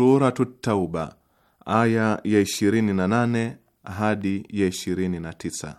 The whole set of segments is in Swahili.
suratu Tauba aya ya ishirini na nane hadi ya ishirini na tisa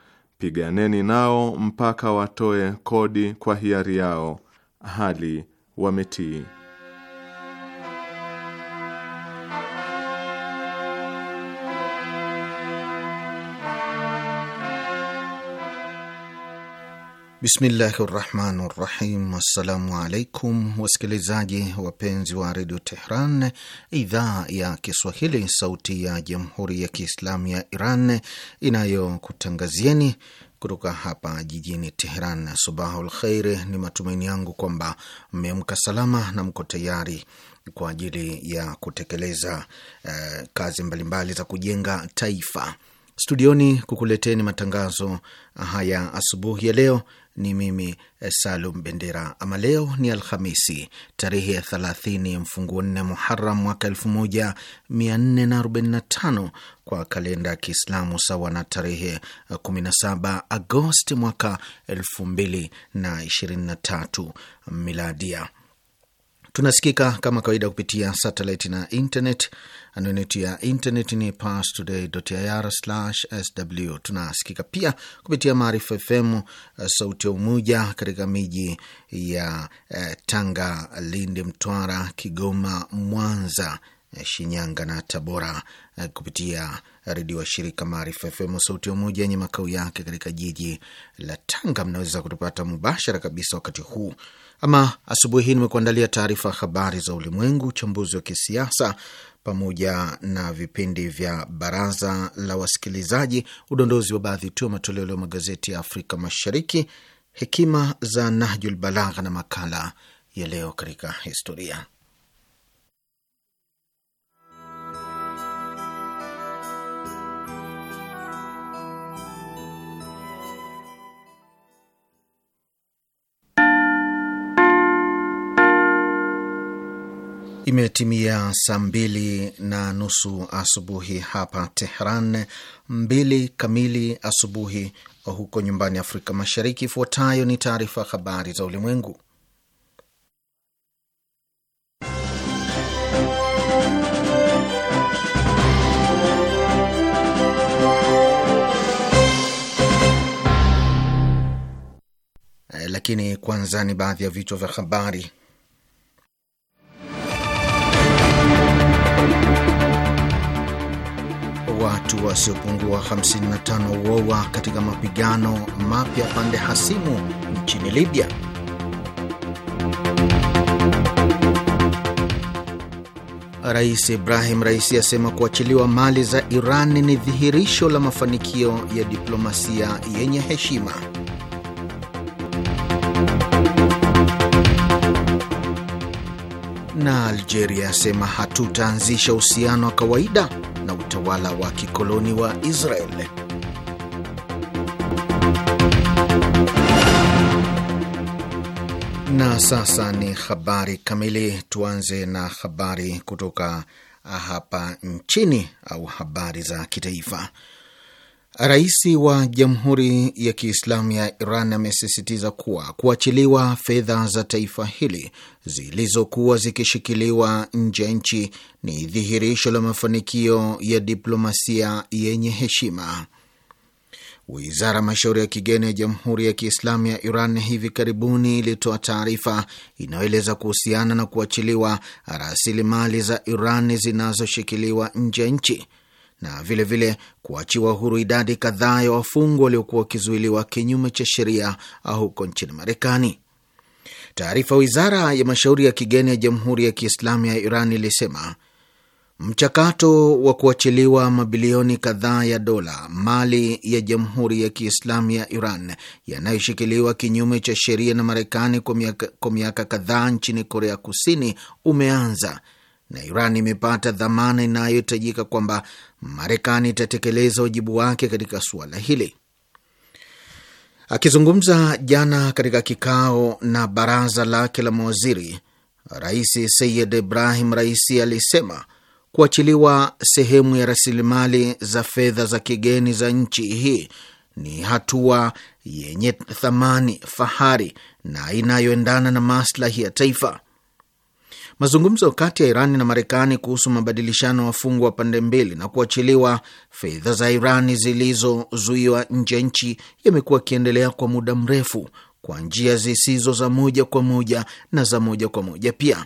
piganeni nao mpaka watoe kodi kwa hiari yao hali wametii. Bismillahi rahmani rahim. Assalamu alaikum wasikilizaji wapenzi wa redio Tehran, idhaa ya Kiswahili, sauti ya jamhuri ya kiislamu ya Iran inayokutangazieni kutoka hapa jijini teheran Subahul kheiri, ni matumaini yangu kwamba mmeamka salama na mko tayari kwa ajili ya kutekeleza eh, kazi mbalimbali za kujenga taifa. Studioni kukuleteni matangazo haya asubuhi ya leo ni mimi eh, Salum Bendera. Ama leo ni Alhamisi tarehe ya thelathini mfunguo nne Muharam mwaka elfu moja mia nne na arobaini na tano kwa kalenda ya Kiislamu, sawa na tarehe 17 eh, Agosti mwaka elfu mbili na ishirini na tatu miladia. Tunasikika kama kawaida kupitia satelit na internet. Anwani ya internet ni parstoday.ir/sw. Tunasikika pia kupitia Maarifa FM eh, sauti ya Umoja katika miji ya eh, Tanga, Lindi, Mtwara, Kigoma, Mwanza, eh, Shinyanga na Tabora eh, kupitia redio wa shirika Maarifa FM sauti ya Umoja yenye makao yake katika jiji la Tanga. Mnaweza kutupata mubashara kabisa wakati huu ama asubuhi hii nimekuandalia taarifa ya habari za ulimwengu, uchambuzi wa kisiasa, pamoja na vipindi vya baraza la wasikilizaji, udondozi wa baadhi tu ya matoleo leo magazeti ya Afrika Mashariki, hekima za Nahjul Balagha na makala ya leo katika historia. Imetimia saa mbili na nusu asubuhi hapa Tehran, mbili kamili asubuhi huko nyumbani Afrika Mashariki. Ifuatayo ni taarifa habari za ulimwengu, lakini kwanza ni baadhi ya vichwa vya habari. watu wasiopungua 55 uowa katika mapigano mapya pande hasimu nchini Libya. Rais Ibrahim Raisi asema kuachiliwa mali za Iran ni dhihirisho la mafanikio ya diplomasia yenye heshima. Na Algeria asema hatutaanzisha uhusiano wa kawaida utawala wa kikoloni wa Israel. Na sasa ni habari kamili. Tuanze na habari kutoka hapa nchini au habari za kitaifa. Rais wa Jamhuri ya Kiislamu ya Iran amesisitiza kuwa kuachiliwa fedha za taifa hili zilizokuwa zikishikiliwa nje ya nchi ni dhihirisho la mafanikio ya diplomasia yenye heshima. Wizara mashauri ya kigeni ya Jamhuri ya Kiislamu ya Iran hivi karibuni ilitoa taarifa inayoeleza kuhusiana na kuachiliwa rasilimali za Iran zinazoshikiliwa nje ya nchi na vilevile kuachiwa huru idadi kadhaa ya wafungwa waliokuwa wakizuiliwa kinyume cha sheria huko nchini Marekani. Taarifa wizara ya mashauri ya kigeni ya Jamhuri ya Kiislamu ya Iran ilisema mchakato wa kuachiliwa mabilioni kadhaa ya dola mali ya Jamhuri ya Kiislamu ya Iran yanayoshikiliwa kinyume cha sheria na Marekani kwa miaka kadhaa nchini Korea Kusini umeanza na Iran imepata dhamana inayohitajika kwamba Marekani itatekeleza wajibu wake katika suala hili. Akizungumza jana katika kikao na baraza lake la mawaziri, Rais Sayid Ibrahim Raisi alisema kuachiliwa sehemu ya rasilimali za fedha za kigeni za nchi hii ni hatua yenye thamani, fahari na inayoendana na maslahi ya taifa. Mazungumzo kati ya Irani na Marekani kuhusu mabadilishano wafungwa wa pande mbili na kuachiliwa fedha za Irani zilizozuiwa nje ya nchi yamekuwa yakiendelea kwa muda mrefu kwa njia zisizo za moja kwa moja na za moja kwa moja pia.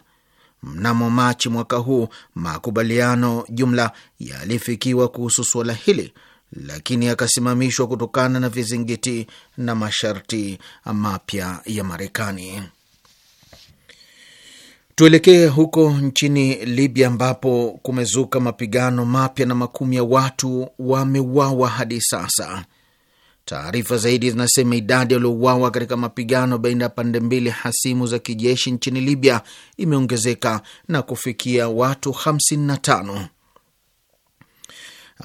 Mnamo Machi mwaka huu makubaliano jumla yalifikiwa kuhusu suala hili, lakini yakasimamishwa kutokana na vizingiti na masharti mapya ya Marekani. Tuelekee huko nchini Libya ambapo kumezuka mapigano mapya na makumi ya watu wameuawa hadi sasa. Taarifa zaidi zinasema idadi waliouawa katika mapigano baina ya pande mbili hasimu za kijeshi nchini Libya imeongezeka na kufikia watu 55.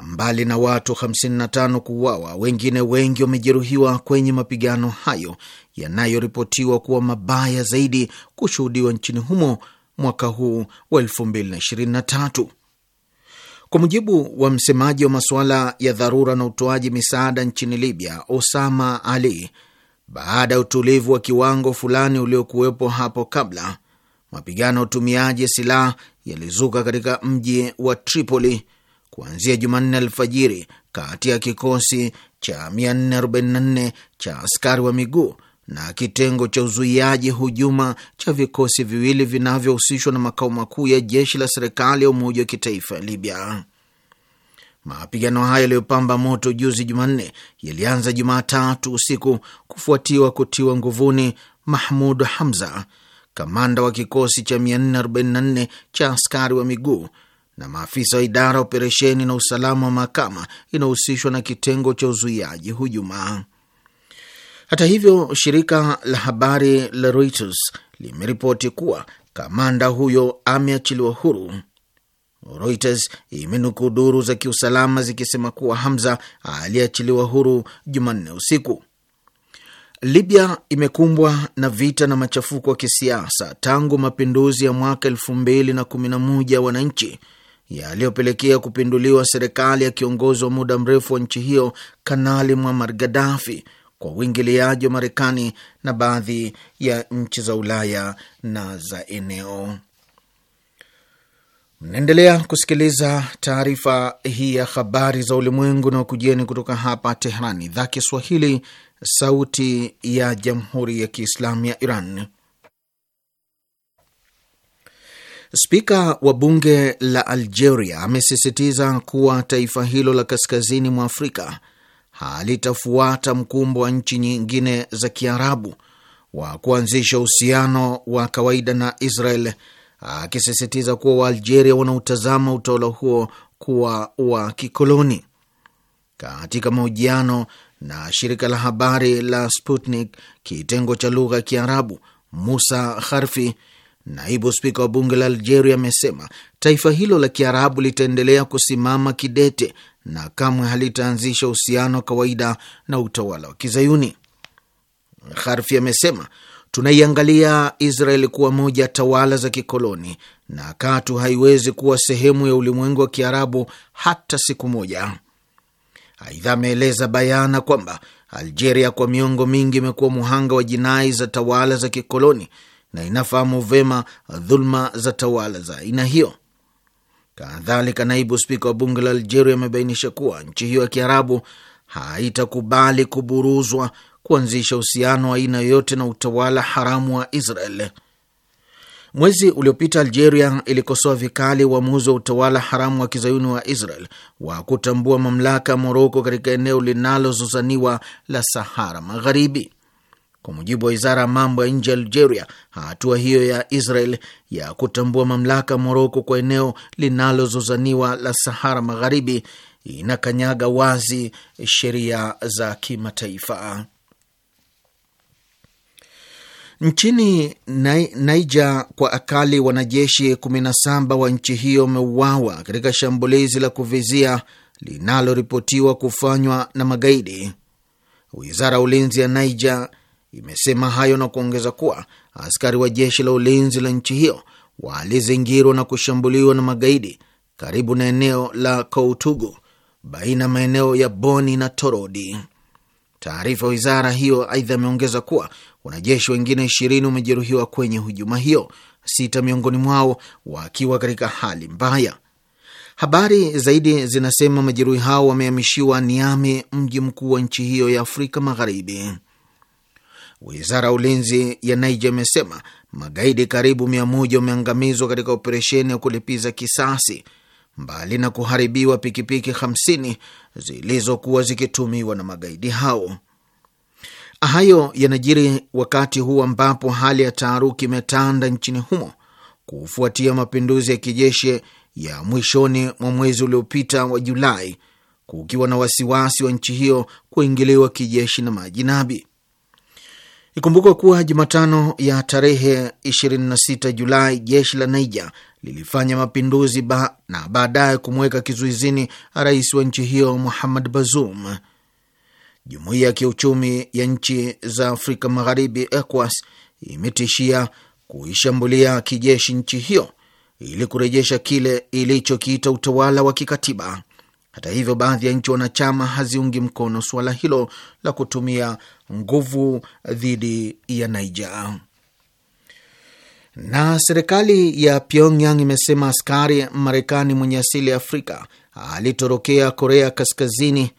Mbali na watu 55 kuuawa, wengine wengi wamejeruhiwa kwenye mapigano hayo yanayoripotiwa kuwa mabaya zaidi kushuhudiwa nchini humo mwaka huu wa 2023. Kwa mujibu wa msemaji wa masuala ya dharura na utoaji misaada nchini Libya, Osama Ali, baada ya utulivu wa kiwango fulani uliokuwepo hapo kabla, mapigano ya utumiaji silaha yalizuka katika mji wa Tripoli kuanzia Jumanne alfajiri kati ya kikosi cha 444 cha askari wa miguu na kitengo cha uzuiaji hujuma cha vikosi viwili vinavyohusishwa na makao makuu ya jeshi la serikali ya umoja wa kitaifa ya Libya. Mapigano haya yaliyopamba moto juzi Jumanne yalianza Jumatatu usiku kufuatiwa kutiwa nguvuni Mahmud Hamza, kamanda wa kikosi cha 444 cha askari wa miguu na maafisa wa idara operesheni na usalama wa mahakama inahusishwa na kitengo cha uzuiaji hujuma. Hata hivyo, shirika la habari la Reuters limeripoti kuwa kamanda huyo ameachiliwa huru. Reuters imenukuu duru za kiusalama zikisema kuwa Hamza aliyeachiliwa huru Jumanne usiku. Libya imekumbwa na vita na machafuko ya kisiasa tangu mapinduzi ya mwaka elfu mbili na kumi na moja wananchi yaliyopelekea kupinduliwa serikali ya kiongozi wa muda mrefu wa nchi hiyo Kanali Muammar Gaddafi kwa uingiliaji wa Marekani na baadhi ya nchi za Ulaya na za eneo. Mnaendelea kusikiliza taarifa hii ya habari za ulimwengu na ukujieni kutoka hapa Tehrani, idhaa Kiswahili, sauti ya jamhuri ya kiislamu ya Iran. Spika wa bunge la Algeria amesisitiza kuwa taifa hilo la kaskazini mwa Afrika halitafuata mkumbo wa nchi nyingine za Kiarabu wa kuanzisha uhusiano wa kawaida na Israel, akisisitiza kuwa Waalgeria wanautazama utawala huo kuwa wa kikoloni. Katika mahojiano na shirika la habari la Sputnik kitengo cha lugha ya Kiarabu, Musa harfi Naibu spika wa bunge la Algeria amesema taifa hilo la Kiarabu litaendelea kusimama kidete na kamwe halitaanzisha uhusiano wa kawaida na utawala wa Kizayuni. Harfi amesema tunaiangalia Israeli kuwa moja ya tawala za kikoloni na katu haiwezi kuwa sehemu ya ulimwengu wa Kiarabu hata siku moja. Aidha, ameeleza bayana kwamba Algeria kwa miongo mingi imekuwa muhanga wa jinai za tawala za kikoloni na inafahamu vema dhulma za tawala za aina hiyo. Kadhalika, naibu spika wa bunge la Algeria amebainisha kuwa nchi hiyo ya Kiarabu haitakubali kuburuzwa kuanzisha uhusiano wa aina yoyote na utawala haramu wa Israel. Mwezi uliopita Algeria ilikosoa vikali uamuzi wa utawala haramu wa kizayuni wa Israel wa kutambua mamlaka ya Moroko katika eneo linalozozaniwa la Sahara Magharibi. Kwa mujibu wa wizara ya mambo ya nje ya Algeria, hatua hiyo ya Israel ya kutambua mamlaka Moroko kwa eneo linalozozaniwa la Sahara Magharibi inakanyaga wazi sheria za kimataifa. Nchini Naija, kwa akali wanajeshi 17 wa nchi hiyo wameuawa katika shambulizi la kuvizia linaloripotiwa kufanywa na magaidi. Wizara ya ulinzi ya Niger imesema hayo na kuongeza kuwa askari wa jeshi la ulinzi la nchi hiyo walizingirwa na kushambuliwa na magaidi karibu na eneo la Koutugu baina ya maeneo ya Boni na Torodi. Taarifa ya wizara hiyo aidha ameongeza kuwa wanajeshi wengine ishirini wamejeruhiwa kwenye hujuma hiyo, sita miongoni mwao wakiwa katika hali mbaya. Habari zaidi zinasema majeruhi hao wamehamishiwa Niame, mji mkuu wa nchi hiyo ya Afrika Magharibi. Wizara ya ulinzi ya Niger imesema magaidi karibu mia moja wameangamizwa katika operesheni ya kulipiza kisasi, mbali na kuharibiwa pikipiki 50 zilizokuwa zikitumiwa na magaidi hao. Hayo yanajiri wakati huu ambapo hali ya taharuki imetanda nchini humo kufuatia mapinduzi ya kijeshi ya mwishoni mwa mwezi uliopita wa Julai, kukiwa na wasiwasi wa nchi hiyo kuingiliwa kijeshi na majinabi. Ikumbukwe kuwa Jumatano ya tarehe 26 Julai jeshi la Niger lilifanya mapinduzi ba na baadaye kumweka kizuizini rais wa nchi hiyo Muhammad Bazoum. Jumuiya ya kiuchumi ya nchi za Afrika Magharibi, ECOWAS, imetishia kuishambulia kijeshi nchi hiyo ili kurejesha kile ilichokiita utawala wa kikatiba. Hata hivyo, baadhi ya nchi wanachama haziungi mkono suala hilo la kutumia nguvu dhidi ya Naija. Na serikali ya Pyongyang imesema askari Marekani mwenye asili ya Afrika alitorokea Korea Kaskazini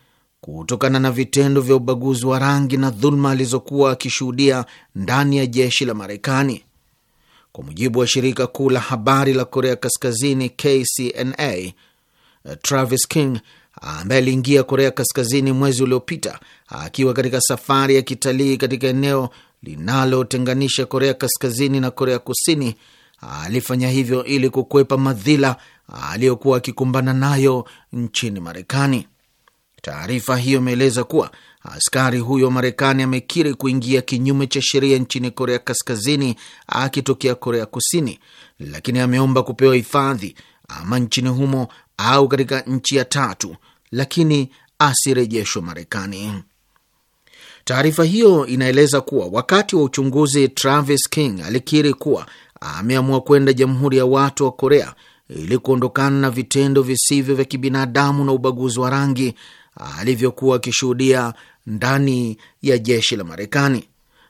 kutokana na vitendo vya ubaguzi wa rangi na dhuluma alizokuwa akishuhudia ndani ya jeshi la Marekani. Kwa mujibu wa shirika kuu la habari la Korea Kaskazini, KCNA, Travis King ambaye aliingia Korea Kaskazini mwezi uliopita akiwa katika safari ya kitalii katika eneo linalotenganisha Korea Kaskazini na Korea Kusini, alifanya hivyo ili kukwepa madhila aliyokuwa akikumbana nayo nchini Marekani. Taarifa hiyo imeeleza kuwa askari huyo Marekani amekiri kuingia kinyume cha sheria nchini Korea Kaskazini akitokea Korea Kusini, lakini ameomba kupewa hifadhi ama nchini humo au katika nchi ya tatu lakini asirejeshwe Marekani. Taarifa hiyo inaeleza kuwa wakati wa uchunguzi, Travis King alikiri kuwa ameamua kwenda Jamhuri ya Watu wa Korea ili kuondokana na vitendo visivyo vya kibinadamu na ubaguzi wa rangi alivyokuwa akishuhudia ndani ya jeshi la Marekani.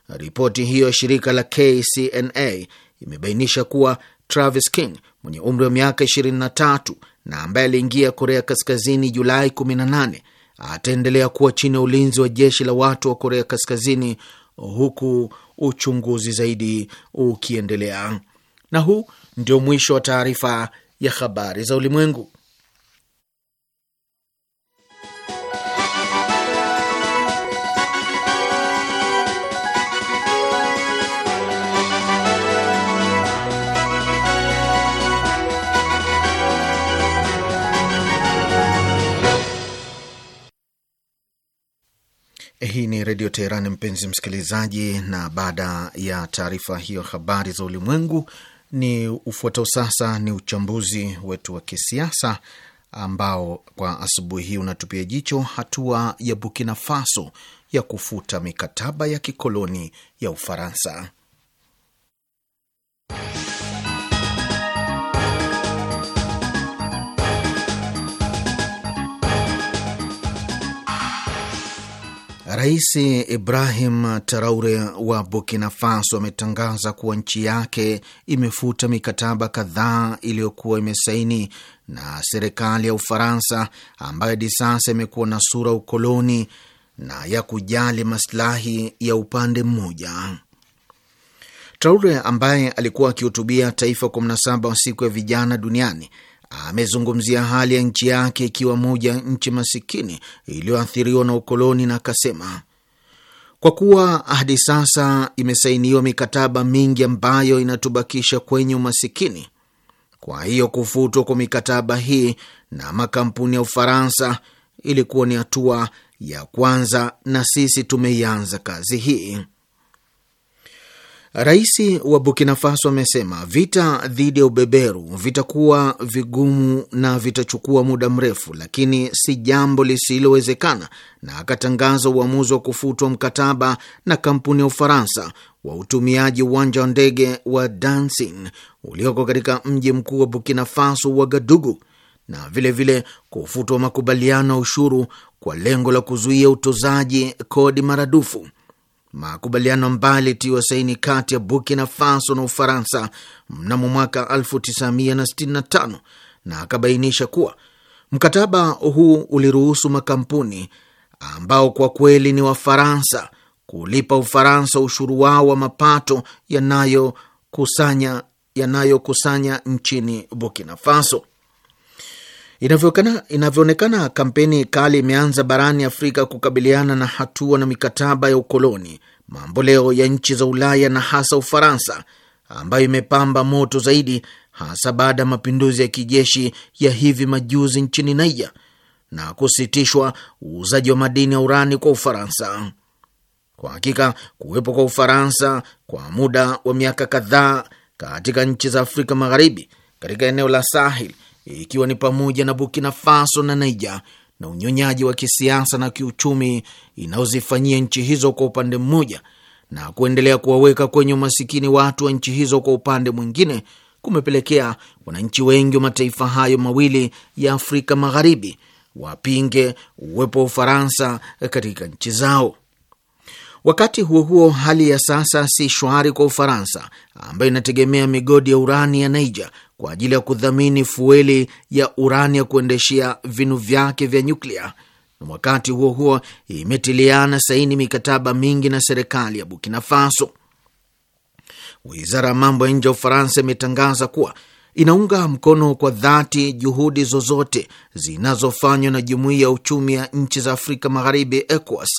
Ripoti hiyo ya shirika la KCNA imebainisha kuwa Travis King mwenye umri wa miaka 23 na ambaye aliingia Korea Kaskazini Julai 18 ataendelea kuwa chini ya ulinzi wa jeshi la watu wa Korea Kaskazini huku uchunguzi zaidi ukiendelea. Na huu ndio mwisho wa taarifa ya habari za ulimwengu. Hii ni Redio Teheran, mpenzi msikilizaji, na baada ya taarifa hiyo habari za ulimwengu, ni ufuatao sasa ni uchambuzi wetu wa kisiasa ambao kwa asubuhi hii unatupia jicho hatua ya Burkina Faso ya kufuta mikataba ya kikoloni ya Ufaransa. Rais Ibrahim taraure wa Burkina Faso ametangaza kuwa nchi yake imefuta mikataba kadhaa iliyokuwa imesaini na serikali ya Ufaransa ambayo hadi sasa imekuwa na sura ukoloni na ya kujali masilahi ya upande mmoja. traure ambaye alikuwa akihutubia taifa kwa mnasaba wa siku ya vijana duniani amezungumzia hali ya nchi yake ikiwa moja nchi masikini iliyoathiriwa na ukoloni na akasema, kwa kuwa hadi sasa imesainiwa mikataba mingi ambayo inatubakisha kwenye umasikini. Kwa hiyo kufutwa kwa mikataba hii na makampuni ya Ufaransa ilikuwa ni hatua ya kwanza, na sisi tumeianza kazi hii. Rais wa Burkina Faso amesema vita dhidi ya ubeberu vitakuwa vigumu na vitachukua muda mrefu, lakini si jambo lisilowezekana, na akatangaza uamuzi wa kufutwa mkataba na kampuni ya Ufaransa wa utumiaji uwanja wa ndege wa Dansing ulioko katika mji mkuu wa Burkina Faso, Wagadugu, na vilevile kufutwa makubaliano ya ushuru kwa lengo la kuzuia utozaji kodi maradufu. Makubaliano ambayo yalitiwa saini kati ya Burkina Faso na Ufaransa mnamo mwaka 1965 na akabainisha kuwa mkataba huu uliruhusu makampuni ambao kwa kweli ni Wafaransa kulipa Ufaransa ushuru wao wa mapato yanayokusanya yanayokusanya nchini Burkina Faso. Inavyoonekana, kampeni kali imeanza barani Afrika kukabiliana na hatua na mikataba ya ukoloni mamboleo ya nchi za Ulaya na hasa Ufaransa, ambayo imepamba moto zaidi hasa baada ya mapinduzi ya kijeshi ya hivi majuzi nchini Naija na kusitishwa uuzaji wa madini ya urani kwa Ufaransa. Kwa hakika kuwepo kwa Ufaransa kwa muda wa miaka kadhaa katika nchi za Afrika Magharibi katika eneo la Sahel ikiwa ni pamoja na Burkina Faso na Naija na unyonyaji wa kisiasa na kiuchumi inayozifanyia nchi hizo kwa upande mmoja na kuendelea kuwaweka kwenye umasikini watu wa nchi hizo kwa upande mwingine kumepelekea wananchi wengi wa mataifa hayo mawili ya Afrika Magharibi wapinge uwepo wa Ufaransa katika nchi zao. Wakati huo huo, hali ya sasa si shwari kwa Ufaransa ambayo inategemea migodi ya urani ya Niger kwa ajili ya kudhamini fueli ya urani ya kuendeshea vinu vyake vya nyuklia, na wakati huo huo imetiliana saini mikataba mingi na serikali ya Burkina Faso. Wizara ya mambo ya nje ya Ufaransa imetangaza kuwa inaunga mkono kwa dhati juhudi zozote zinazofanywa na Jumuiya ya Uchumi ya Nchi za Afrika Magharibi, ECOWAS,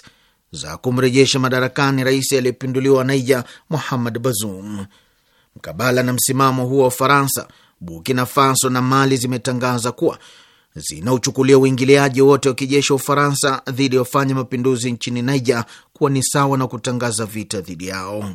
za kumrejesha madarakani rais aliyepinduliwa Naija Muhammad Bazoum. Mkabala na msimamo huo wa Ufaransa, Burkina Faso na Mali zimetangaza kuwa zinauchukulia uingiliaji wote wa kijeshi wa Ufaransa dhidi ya wafanya mapinduzi nchini Niger kuwa ni sawa na kutangaza vita dhidi yao.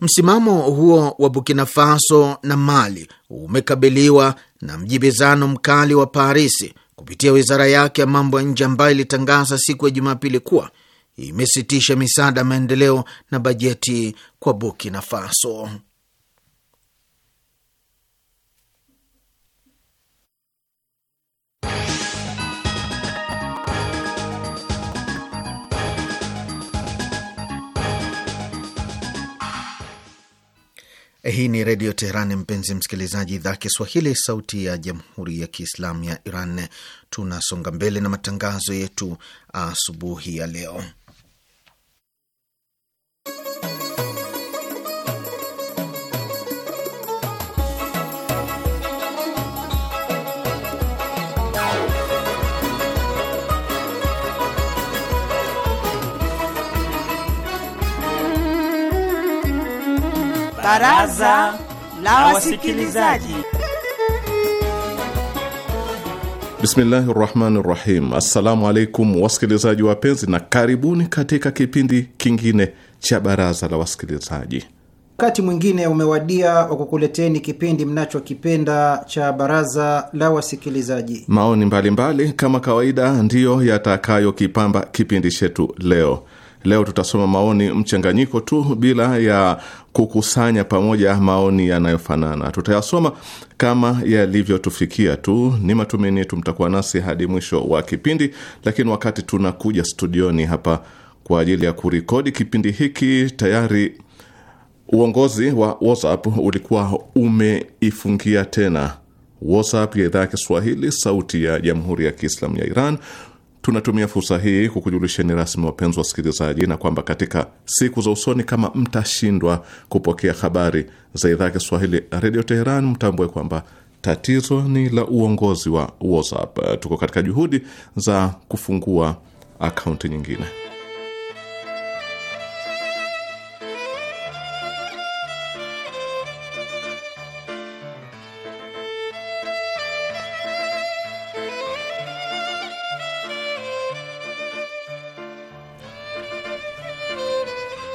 Msimamo huo wa Burkina Faso na Mali umekabiliwa na mjibizano mkali wa Parisi kupitia wizara yake ya mambo ya nje ambayo ilitangaza siku ya Jumapili kuwa imesitisha misaada ya maendeleo na bajeti kwa Burkina Faso. Hii ni Redio Teherani, mpenzi msikilizaji, idhaa Kiswahili, sauti ya jamhuri ya kiislamu ya Iran. Tunasonga mbele na matangazo yetu asubuhi ya leo. Baraza la Wasikilizaji. Bismillahi rahmani rahim. Assalamu alaikum wasikilizaji wapenzi, na karibuni katika kipindi kingine cha baraza la wasikilizaji. Wakati mwingine umewadia wa kukuleteni kipindi mnachokipenda cha baraza la wasikilizaji. Maoni mbalimbali mbali, kama kawaida ndiyo yatakayokipamba kipindi chetu leo. Leo tutasoma maoni mchanganyiko tu bila ya kukusanya pamoja maoni yanayofanana. Tutayasoma kama yalivyotufikia tu. Ni matumaini yetu mtakuwa nasi hadi mwisho wa kipindi, lakini wakati tunakuja studioni hapa kwa ajili ya kurekodi kipindi hiki tayari uongozi wa WhatsApp ulikuwa umeifungia tena WhatsApp ya idhaa ya Kiswahili sauti ya Jamhuri ya Kiislamu ya Iran Tunatumia fursa hii kukujulisheni rasmi, wapenzi wasikilizaji, na kwamba katika siku za usoni, kama mtashindwa kupokea habari za idhaa ya Kiswahili Redio Teheran, mtambue kwamba tatizo ni la uongozi wa WhatsApp. Tuko katika juhudi za kufungua akaunti nyingine.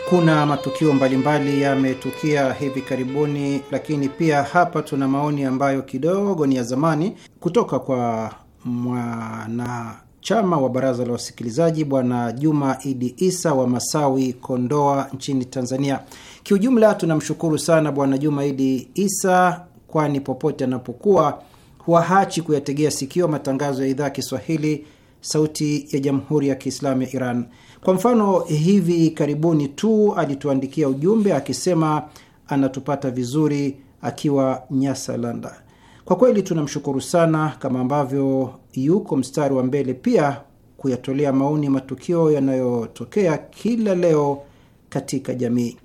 Kuna matukio mbalimbali yametukia hivi karibuni, lakini pia hapa tuna maoni ambayo kidogo ni ya zamani kutoka kwa mwanachama wa baraza la wasikilizaji Bwana Juma Idi Isa wa Masawi, Kondoa nchini Tanzania. Kiujumla tunamshukuru sana Bwana Juma Idi Isa, kwani popote anapokuwa huahachi kuyategea sikio matangazo ya idhaa ya Kiswahili Sauti ya Jamhuri ya Kiislamu ya Iran. Kwa mfano, hivi karibuni tu alituandikia ujumbe akisema anatupata vizuri akiwa nyasa landa Kwa kweli tunamshukuru sana, kama ambavyo yuko mstari wa mbele pia kuyatolea maoni matukio yanayotokea kila leo katika jamii.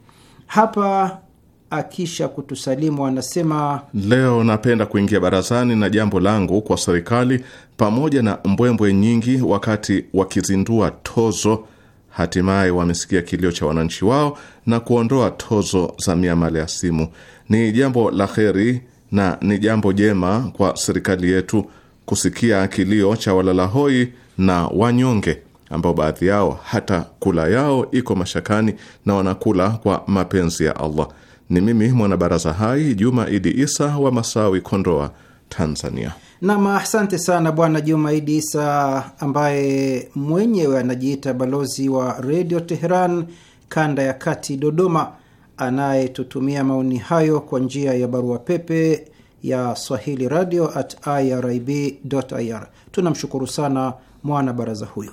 Hapa akisha kutusalimu anasema, leo napenda kuingia barazani na jambo langu kwa serikali pamoja na mbwembwe nyingi wakati wakizindua tozo. Hatimaye wamesikia kilio cha wananchi wao na kuondoa tozo za miamala ya simu. Ni jambo la heri na ni jambo jema kwa serikali yetu kusikia kilio cha walalahoi na wanyonge ambao baadhi yao hata kula yao iko mashakani na wanakula kwa mapenzi ya Allah. Ni mimi mwanabaraza hai Juma Idi Isa wa Masawi, Kondoa, Tanzania. Nam, asante sana Bwana Juma Idi Isa ambaye mwenyewe anajiita balozi wa Redio Teheran kanda ya kati Dodoma, anayetutumia maoni hayo kwa njia ya barua pepe ya swahili radio at irib ir. Tunamshukuru sana mwana baraza huyo.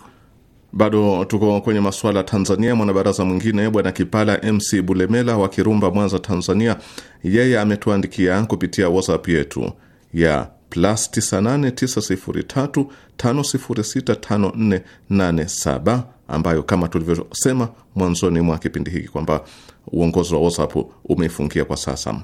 Bado tuko kwenye masuala ya Tanzania. Mwanabaraza mwingine bwana Kipala MC Bulemela wa Kirumba, Mwanza, Tanzania, yeye ametuandikia kupitia WhatsApp yetu ya plus 989035065487 ambayo kama tulivyosema mwanzoni mwa kipindi hiki kwamba uongozi wa WhatsApp umeifungia kwa sasa.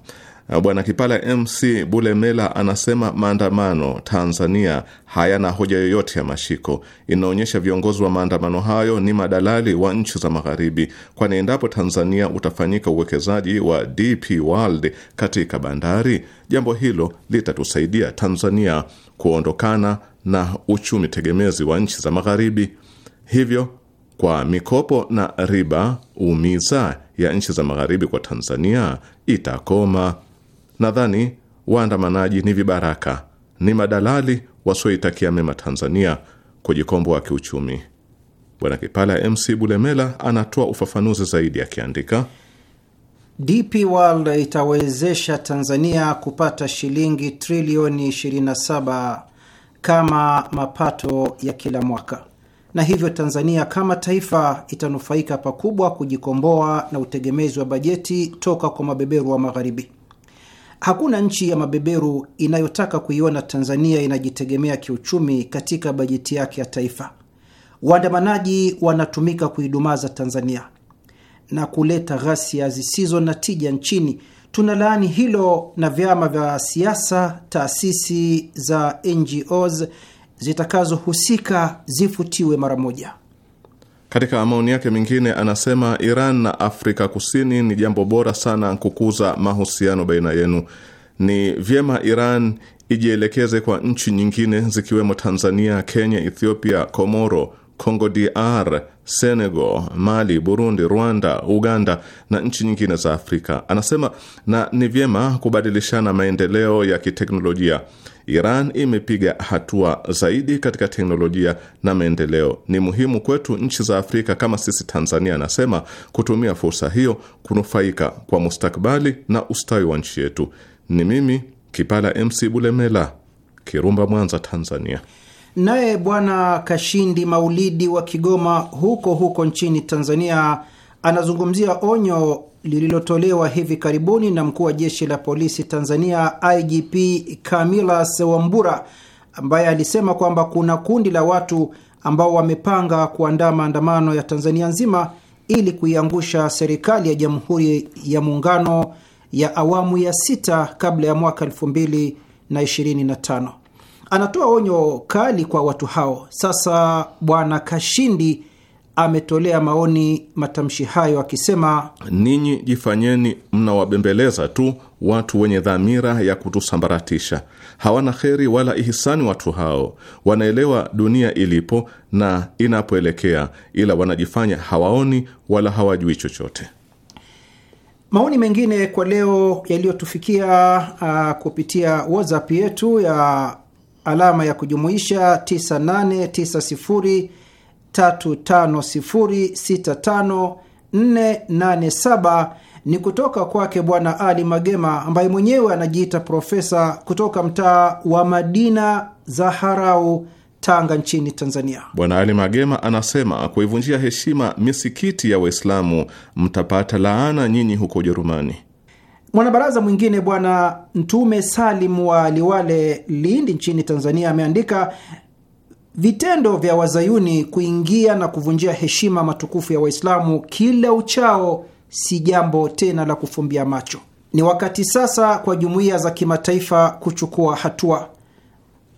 Eh, Bwana Kipala MC Bulemela anasema maandamano Tanzania hayana hoja yoyote ya mashiko. Inaonyesha viongozi wa maandamano hayo ni madalali wa nchi za Magharibi, kwani endapo Tanzania utafanyika uwekezaji wa DP World katika bandari, jambo hilo litatusaidia Tanzania kuondokana na uchumi tegemezi wa nchi za Magharibi. Hivyo kwa mikopo na riba umiza ya nchi za Magharibi kwa Tanzania itakoma. Nadhani waandamanaji ni vibaraka, ni madalali wasioitakia mema Tanzania kujikomboa kiuchumi. Bwana Kipala MC Bulemela anatoa ufafanuzi zaidi akiandika, DP World itawezesha Tanzania kupata shilingi trilioni 27 kama mapato ya kila mwaka, na hivyo Tanzania kama taifa itanufaika pakubwa kujikomboa na utegemezi wa bajeti toka kwa mabeberu wa Magharibi. Hakuna nchi ya mabeberu inayotaka kuiona Tanzania inajitegemea kiuchumi katika bajeti yake ya taifa. Waandamanaji wanatumika kuidumaza Tanzania na kuleta ghasia zisizo na tija nchini. Tunalaani hilo na vyama vya siasa, taasisi za NGOs zitakazohusika zifutiwe mara moja. Katika maoni yake mengine anasema, Iran na Afrika Kusini ni jambo bora sana kukuza mahusiano baina yenu. Ni vyema Iran ijielekeze kwa nchi nyingine zikiwemo Tanzania, Kenya, Ethiopia, Komoro, congo DR, Senegal, Mali, Burundi, Rwanda, Uganda na nchi nyingine za Afrika. Anasema na ni vyema kubadilishana maendeleo ya kiteknolojia Iran imepiga hatua zaidi katika teknolojia na maendeleo. Ni muhimu kwetu nchi za Afrika kama sisi Tanzania, anasema, kutumia fursa hiyo kunufaika kwa mustakbali na ustawi wa nchi yetu. Ni mimi Kipala MC Bulemela, Kirumba, Mwanza, Tanzania. Naye Bwana Kashindi Maulidi wa Kigoma, huko huko nchini Tanzania, anazungumzia onyo lililotolewa hivi karibuni na mkuu wa jeshi la polisi Tanzania IGP Kamila Sewambura ambaye alisema kwamba kuna kundi la watu ambao wamepanga kuandaa maandamano ya Tanzania nzima ili kuiangusha serikali ya Jamhuri ya Muungano ya awamu ya sita kabla ya mwaka 225 Anatoa onyo kali kwa watu hao. Sasa Bwana Kashindi ametolea maoni matamshi hayo akisema, ninyi jifanyeni mnawabembeleza tu watu wenye dhamira ya kutusambaratisha. Hawana kheri wala ihisani. Watu hao wanaelewa dunia ilipo na inapoelekea, ila wanajifanya hawaoni wala hawajui chochote. Maoni mengine kwa leo yaliyotufikia uh, kupitia WhatsApp yetu ya alama ya kujumuisha 9890 35065487 ni kutoka kwake Bwana Ali Magema ambaye mwenyewe anajiita profesa kutoka mtaa wa Madina Zaharau, Tanga nchini Tanzania. Bwana Ali Magema anasema kuivunjia heshima misikiti ya Waislamu mtapata laana nyinyi huko Ujerumani. Mwanabaraza mwingine Bwana Mtume Salim wa Liwale, Lindi nchini Tanzania ameandika Vitendo vya wazayuni kuingia na kuvunjia heshima matukufu ya Waislamu kila uchao si jambo tena la kufumbia macho. Ni wakati sasa kwa jumuiya za kimataifa kuchukua hatua.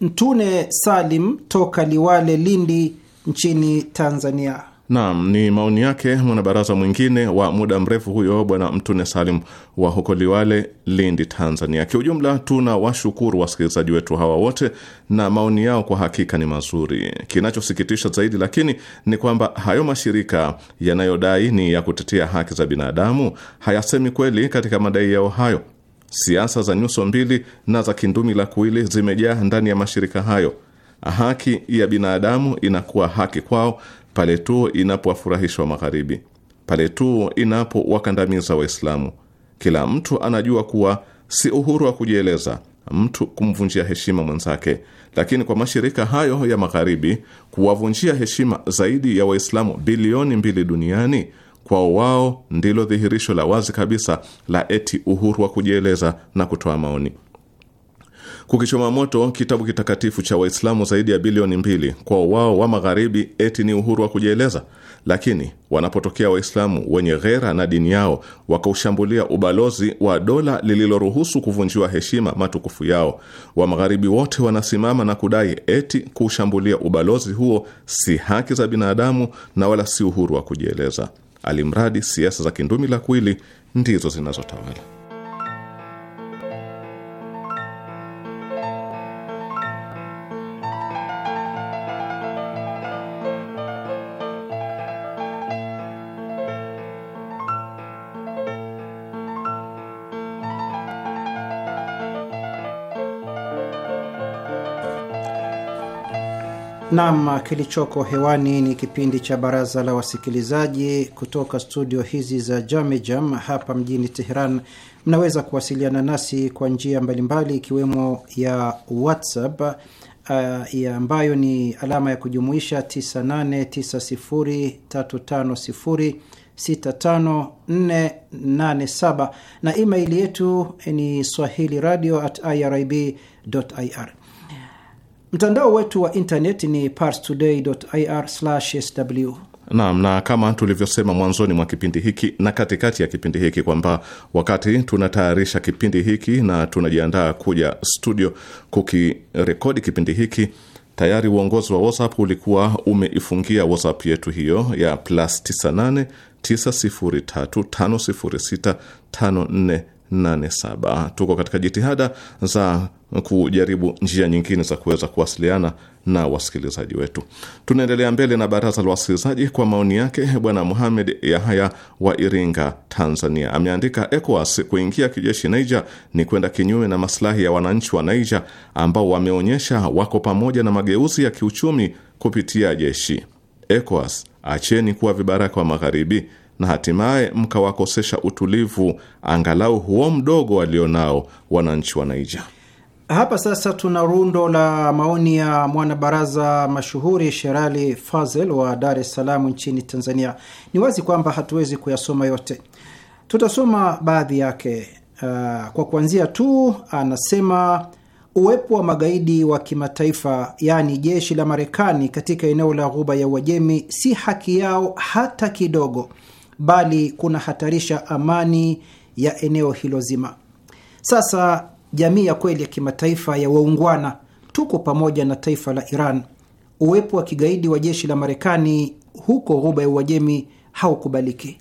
Mtune Salim toka Liwale, Lindi nchini Tanzania. Naam, ni maoni yake mwanabaraza mwingine wa muda mrefu huyo bwana Mtune Salim wa huko Liwale, Lindi, Tanzania. Kiujumla, tuna washukuru wasikilizaji wetu hawa wote na maoni yao kwa hakika ni mazuri. Kinachosikitisha zaidi lakini ni kwamba hayo mashirika yanayodai ni ya kutetea haki za binadamu hayasemi kweli katika madai yao hayo. Siasa za nyuso mbili na za kindumi la kuili zimejaa ndani ya mashirika hayo. Haki ya binadamu inakuwa haki kwao pale tu inapowafurahisha wa Magharibi, pale tu inapowakandamiza Waislamu. Kila mtu anajua kuwa si uhuru wa kujieleza mtu kumvunjia heshima mwenzake, lakini kwa mashirika hayo ya Magharibi kuwavunjia heshima zaidi ya Waislamu bilioni mbili duniani kwao wao ndilo dhihirisho la wazi kabisa la eti uhuru wa kujieleza na kutoa maoni kukichoma moto kitabu kitakatifu cha Waislamu zaidi ya bilioni mbili kwa wao wa magharibi eti ni uhuru wa kujieleza, lakini wanapotokea Waislamu wenye ghera na dini yao wakaushambulia ubalozi wa dola lililoruhusu kuvunjiwa heshima matukufu yao, wa magharibi wote wanasimama na kudai eti kuushambulia ubalozi huo si haki za binadamu na wala si uhuru wa kujieleza. Alimradi siasa za kindumi la kwili ndizo zinazotawala. Nam, kilichoko hewani ni kipindi cha Baraza la Wasikilizaji kutoka studio hizi za Jamejam hapa mjini Teheran. Mnaweza kuwasiliana nasi kwa njia mbalimbali ikiwemo ya WhatsApp uh, ya ambayo ni alama ya kujumuisha 989035065487 na email yetu ni swahili radio at irib ir Mtandao wetu wa intaneti ni parstoday.ir/sw. Naam, na kama tulivyosema mwanzoni mwa kipindi hiki na katikati ya kipindi hiki kwamba wakati tunatayarisha kipindi hiki na tunajiandaa kuja studio kukirekodi kipindi hiki, tayari uongozi wa WhatsApp ulikuwa umeifungia WhatsApp yetu hiyo ya plus 98 903 506 87. Tuko katika jitihada za kujaribu njia nyingine za kuweza kuwasiliana na wasikilizaji wetu. Tunaendelea mbele na baraza la wasikilizaji kwa maoni yake. Bwana Muhamed Yahaya wa Iringa, Tanzania, ameandika ECOWAS kuingia kijeshi Niger ni kwenda kinyume na maslahi ya wananchi wa Niger ambao wameonyesha wako pamoja na mageuzi ya kiuchumi kupitia jeshi. ECOWAS, acheni kuwa vibaraka wa Magharibi na hatimaye mkawakosesha utulivu angalau huo mdogo walionao wananchi wa Naija. Hapa sasa tuna rundo la maoni ya mwanabaraza mashuhuri Sherali Fazel wa Dar es Salaam nchini Tanzania. Ni wazi kwamba hatuwezi kuyasoma yote, tutasoma baadhi yake. Uh, kwa kuanzia tu anasema uwepo wa magaidi wa kimataifa yaani jeshi la Marekani katika eneo la Ghuba ya Uajemi si haki yao hata kidogo bali kunahatarisha amani ya eneo hilo zima. Sasa jamii ya kweli ya kimataifa ya waungwana, tuko pamoja na taifa la Iran. Uwepo wa kigaidi wa jeshi la Marekani huko Ghuba ya Uajemi haukubaliki.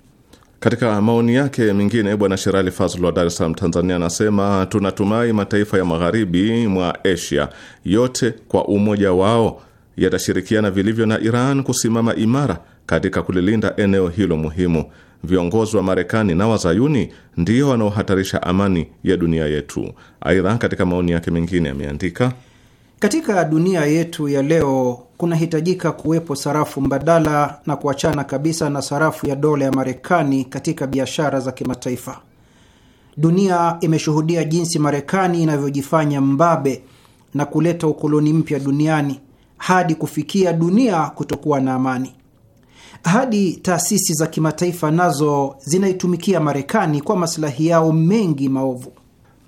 Katika maoni yake mengine, Bwana Sherali Fazl wa Dar es Salaam, Tanzania, anasema tunatumai mataifa ya magharibi mwa Asia yote kwa umoja wao yatashirikiana vilivyo na Iran kusimama imara katika kulilinda eneo hilo muhimu. Viongozi wa Marekani na Wazayuni ndio wanaohatarisha amani ya dunia yetu. Aidha, katika maoni yake mengine ameandika, katika dunia yetu ya leo kunahitajika kuwepo sarafu mbadala na kuachana kabisa na sarafu ya dola ya Marekani katika biashara za kimataifa. Dunia imeshuhudia jinsi Marekani inavyojifanya mbabe na kuleta ukoloni mpya duniani hadi kufikia dunia kutokuwa na amani hadi taasisi za kimataifa nazo zinaitumikia Marekani kwa masilahi yao mengi maovu.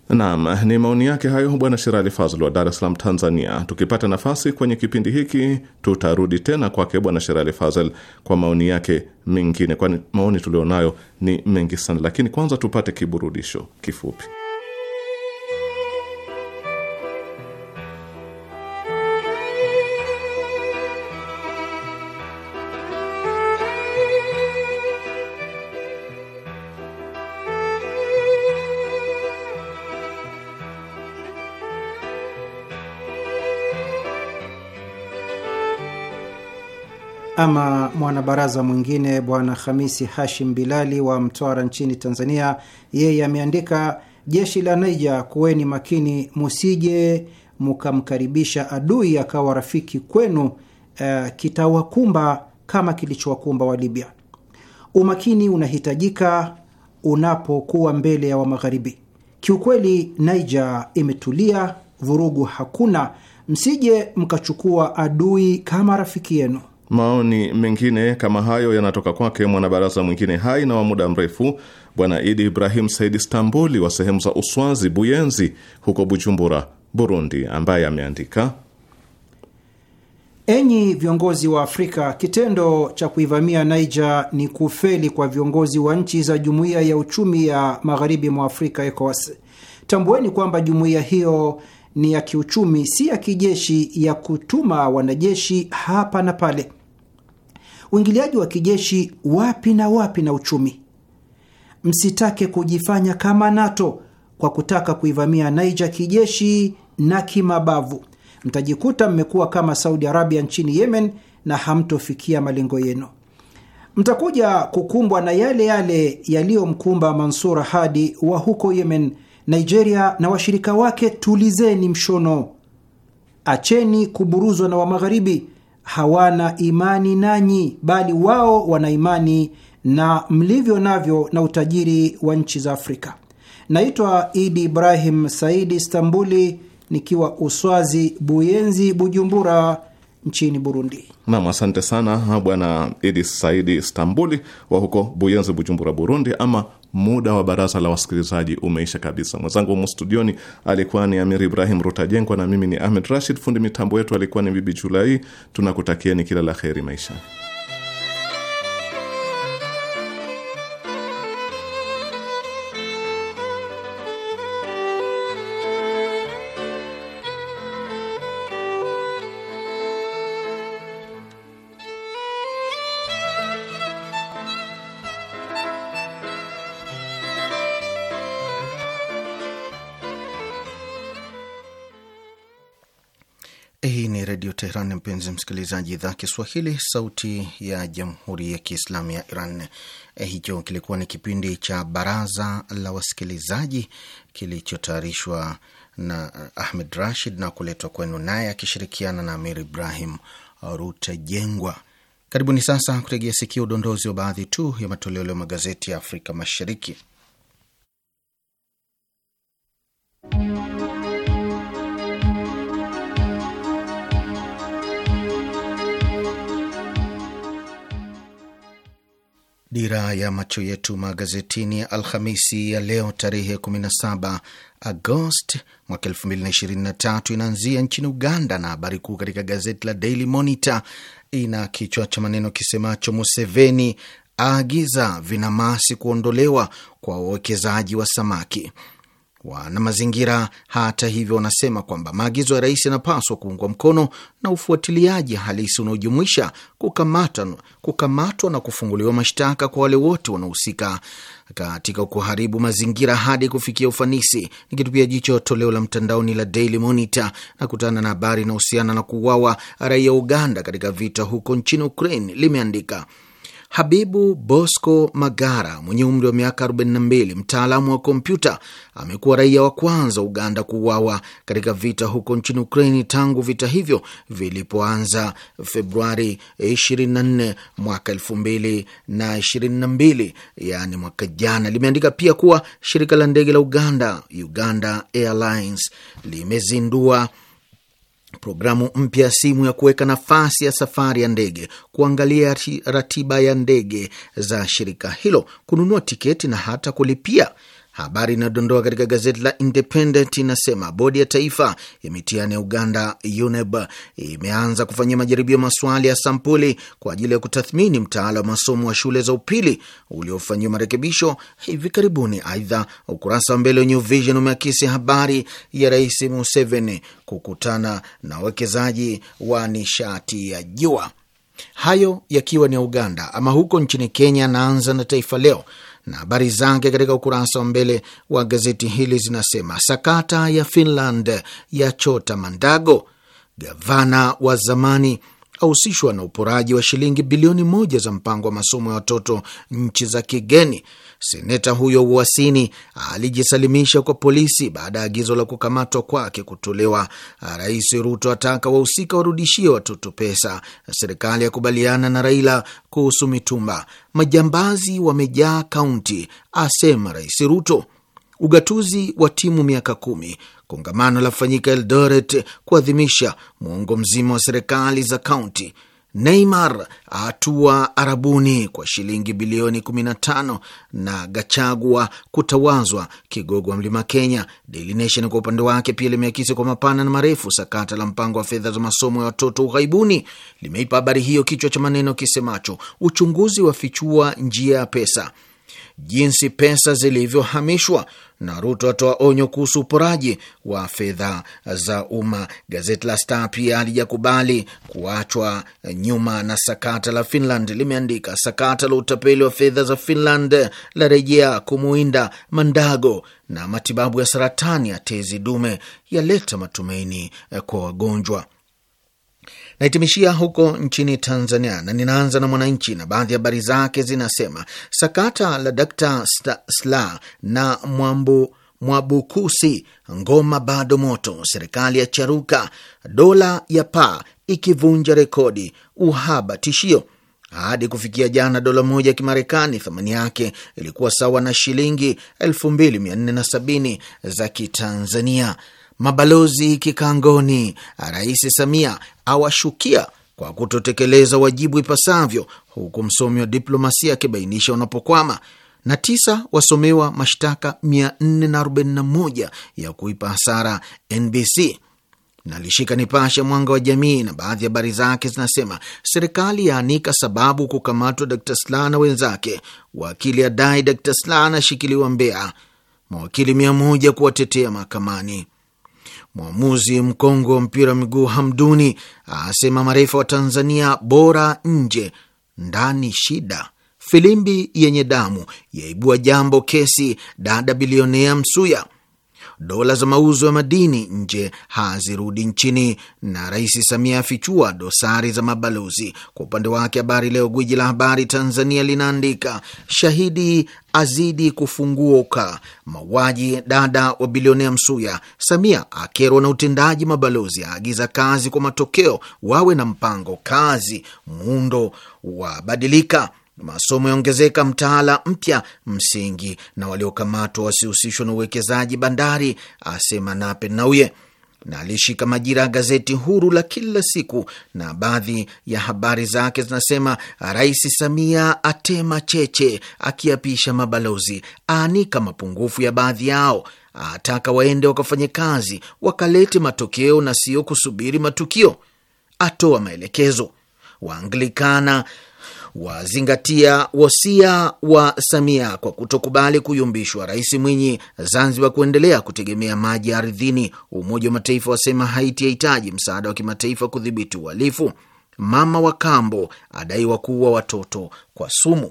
Naam, ni maoni yake hayo Bwana Shirali Fazl wa Dar es Salaam, Tanzania. Tukipata nafasi kwenye kipindi hiki, tutarudi tena kwake Bwana Shirali Fazl kwa maoni yake mengine, kwani maoni tulionayo ni mengi sana, lakini kwanza tupate kiburudisho kifupi. Ama mwanabaraza mwingine Bwana Hamisi Hashim Bilali wa Mtwara nchini Tanzania, yeye ameandika jeshi la Naija, kuweni makini, musije mukamkaribisha adui akawa rafiki kwenu, Uh, kitawakumba kama kilichowakumba wa Libya. Umakini unahitajika unapokuwa mbele ya wa magharibi. Kiukweli Naija imetulia, vurugu hakuna, msije mkachukua adui kama rafiki yenu. Maoni mengine kama hayo yanatoka kwake mwanabaraza mwingine hai na wa muda mrefu Bwana Idi Ibrahim Said Stambuli wa sehemu za Uswazi Buyenzi huko Bujumbura, Burundi, ambaye ameandika: Enyi viongozi wa Afrika, kitendo cha kuivamia Niger ni kufeli kwa viongozi wa nchi za Jumuiya ya Uchumi ya Magharibi mwa Afrika, ECOWAS. Tambueni kwamba jumuiya hiyo ni ya kiuchumi, si ya kijeshi ya kutuma wanajeshi hapa na pale uingiliaji wa kijeshi wapi na wapi na uchumi. Msitake kujifanya kama NATO kwa kutaka kuivamia Niger kijeshi na kimabavu. Mtajikuta mmekuwa kama Saudi Arabia nchini Yemen na hamtofikia malengo yenu. Mtakuja kukumbwa na yale yale yaliyomkumba Mansur Hadi wa huko Yemen. Nigeria na washirika wake, tulizeni mshono, acheni kuburuzwa na Wamagharibi hawana imani nanyi, bali wao wana imani na mlivyo navyo na utajiri wa nchi za Afrika. Naitwa Idi Ibrahim Saidi Istambuli, nikiwa Uswazi Buyenzi, Bujumbura nchini Burundi. Nam, asante sana bwana Idi Saidi Istambuli wa huko Buyenzi, Bujumbura, Burundi. Ama muda wa baraza la wasikilizaji umeisha kabisa. Mwenzangu humu studioni alikuwa ni Amir Ibrahim Rutajengwa na mimi ni Ahmed Rashid. Fundi mitambo yetu alikuwa ni Bibi Julai. Tunakutakieni kila la heri maisha Hii ni Redio Teheran, mpenzi msikilizaji, idhaa Kiswahili, sauti ya jamhuri ya kiislamu ya Iran. Eh, hicho kilikuwa ni kipindi cha baraza la wasikilizaji kilichotayarishwa na Ahmed Rashid na kuletwa kwenu naye akishirikiana na Amir Ibrahim Rutajengwa. Karibuni sasa kutegea sikia udondozi wa baadhi tu ya matoleo leo magazeti ya Afrika Mashariki. Dira ya macho yetu magazetini ya Alhamisi ya leo tarehe 17 Agosti mwaka 2023 inaanzia nchini Uganda, na habari kuu katika gazeti la Daily Monitor ina kichwa cha maneno kisemacho Museveni aagiza vinamasi kuondolewa kwa wawekezaji wa samaki. Wana mazingira hata hivyo wanasema kwamba maagizo ya rais yanapaswa kuungwa mkono na ufuatiliaji halisi unaojumuisha kukamatwa, kukamatwa na kufunguliwa mashtaka kwa wale wote wanaohusika katika kuharibu mazingira hadi kufikia ufanisi. ni pia jicho toleo la mtandaoni la Daily Monitor na kutana na habari inahusiana na kuuawa raia Uganda katika vita huko nchini Ukraine, limeandika Habibu Bosco Magara mwenye umri wa miaka 42, mtaalamu wa kompyuta, amekuwa raia wa kwanza Uganda kuuawa katika vita huko nchini Ukraini tangu vita hivyo vilipoanza Februari 24 mwaka 2022, yaani mwaka jana. Limeandika pia kuwa shirika la ndege la Uganda, Uganda Airlines, limezindua programu mpya ya simu ya kuweka nafasi ya safari ya ndege, kuangalia ratiba ya ndege za shirika hilo, kununua tiketi na hata kulipia Habari inayodondoa katika gazeti la Independent inasema bodi ya taifa ya mitihani ya Uganda, UNEB, imeanza kufanyia majaribio maswali ya sampuli kwa ajili ya kutathmini mtaala wa masomo wa shule za upili uliofanyiwa marekebisho hivi karibuni. Aidha, ukurasa wa mbele wa New Vision umeakisi habari ya Rais Museveni kukutana na wawekezaji wa nishati ya jua. Hayo yakiwa ni ya Uganda. Ama huko nchini Kenya, naanza na Taifa Leo na habari zake katika ukurasa wa mbele wa gazeti hili zinasema: sakata ya Finland ya chota Mandago, gavana wa zamani ahusishwa na uporaji wa shilingi bilioni moja za mpango wa masomo ya watoto nchi za kigeni, Seneta huyo uwasini alijisalimisha kwa polisi baada ya agizo la kukamatwa kwake kutolewa. Rais Ruto ataka wahusika warudishie watoto pesa. Serikali yakubaliana na Raila kuhusu mitumba. Majambazi wamejaa kaunti, asema Rais Ruto. Ugatuzi wa timu miaka kumi. Kongamano la fanyika Eldoret kuadhimisha muongo mzima wa serikali za kaunti. Neymar atua Arabuni kwa shilingi bilioni 15 na Gachagua kutawazwa kigogo wa mlima Kenya. Daily Nation kwa upande wake pia limeakisi kwa mapana na marefu sakata la mpango wa fedha za masomo ya watoto ughaibuni. Limeipa habari hiyo kichwa cha maneno kisemacho uchunguzi wafichua njia ya pesa jinsi pesa zilivyohamishwa na Ruto atoa onyo kuhusu uporaji wa fedha za umma. Gazeti la Star pia halijakubali kuachwa nyuma na sakata la Finland. Limeandika sakata la utapeli wa fedha za Finland la rejea kumuinda Mandago, na matibabu ya saratani ya tezi dume yaleta matumaini kwa wagonjwa naitimishia huko nchini Tanzania na ninaanza na Mwananchi na baadhi ya habari zake zinasema: sakata la d Sla na Mwambu Mwabukusi, ngoma bado moto, serikali ya charuka, dola ya paa ikivunja rekodi, uhaba tishio hadi kufikia jana dola moja ya Kimarekani thamani yake ilikuwa sawa na shilingi 2470 za Kitanzania mabalozi kikangoni. Rais Samia awashukia kwa kutotekeleza wajibu ipasavyo, huku msomi wa diplomasia akibainisha unapokwama na tisa wasomewa mashtaka 441 ya kuipa hasara NBC. Nalishika Nipashe Mwanga wa Jamii, na baadhi ya habari zake zinasema: serikali yaanika sababu kukamatwa d sla na wenzake, wakili adai d Sla anashikiliwa Mbeya, mawakili mia moja kuwatetea mahakamani. Mwamuzi mkongwe wa mpira wa miguu Hamduni asema marefa wa Tanzania bora nje, ndani shida. Filimbi yenye damu yaibua jambo kesi dada bilionea Msuya dola za mauzo ya madini nje hazirudi nchini, na Rais Samia afichua dosari za mabalozi. Kwa upande wake, Habari Leo, gwiji la habari Tanzania, linaandika shahidi azidi kufunguka, mauaji dada wa bilionea Msuya, Samia akerwa na utendaji mabalozi, aagiza kazi kwa matokeo, wawe na mpango kazi, muundo wabadilika masomo yaongezeka mtaala mpya msingi, na waliokamatwa wasihusishwa na uwekezaji bandari, asema Nape Nnauye na alishika majira ya gazeti huru la kila siku, na baadhi ya habari zake zinasema: Rais Samia atema cheche akiapisha mabalozi, aanika mapungufu ya baadhi yao, ataka waende wakafanye kazi wakalete matokeo na sio kusubiri matukio, atoa maelekezo Waanglikana wazingatia wasia wa Samia kwa kutokubali kuyumbishwa. Rais Mwinyi Zanzibar kuendelea kutegemea maji ardhini. Umoja wa Mataifa wasema Haiti yahitaji msaada wa kimataifa kudhibiti uhalifu. Mama wa kambo adaiwa kuua watoto kwa sumu.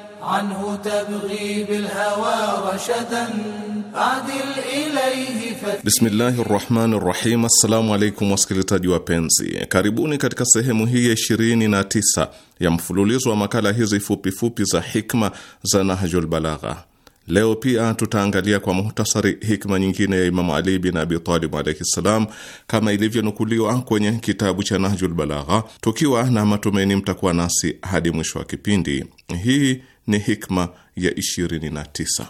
عنه تبغي بالهوى رشدا عدل إليه Bismillahi rahmani rahim. Assalamu alaikum wasikilizaji wapenzi, karibuni katika sehemu hii ya ishirini na tisa ya mfululizo wa makala hizi fupifupi za hikma za Nahjul Balagha. Leo pia tutaangalia kwa muhtasari hikma nyingine ya Imamu Ali bin Abi Talib alaihi ssalam, kama ilivyonukuliwa kwenye kitabu cha Nahjul Balagha, tukiwa na matumaini mtakuwa nasi hadi mwisho wa kipindi hii ni hikma ya 29.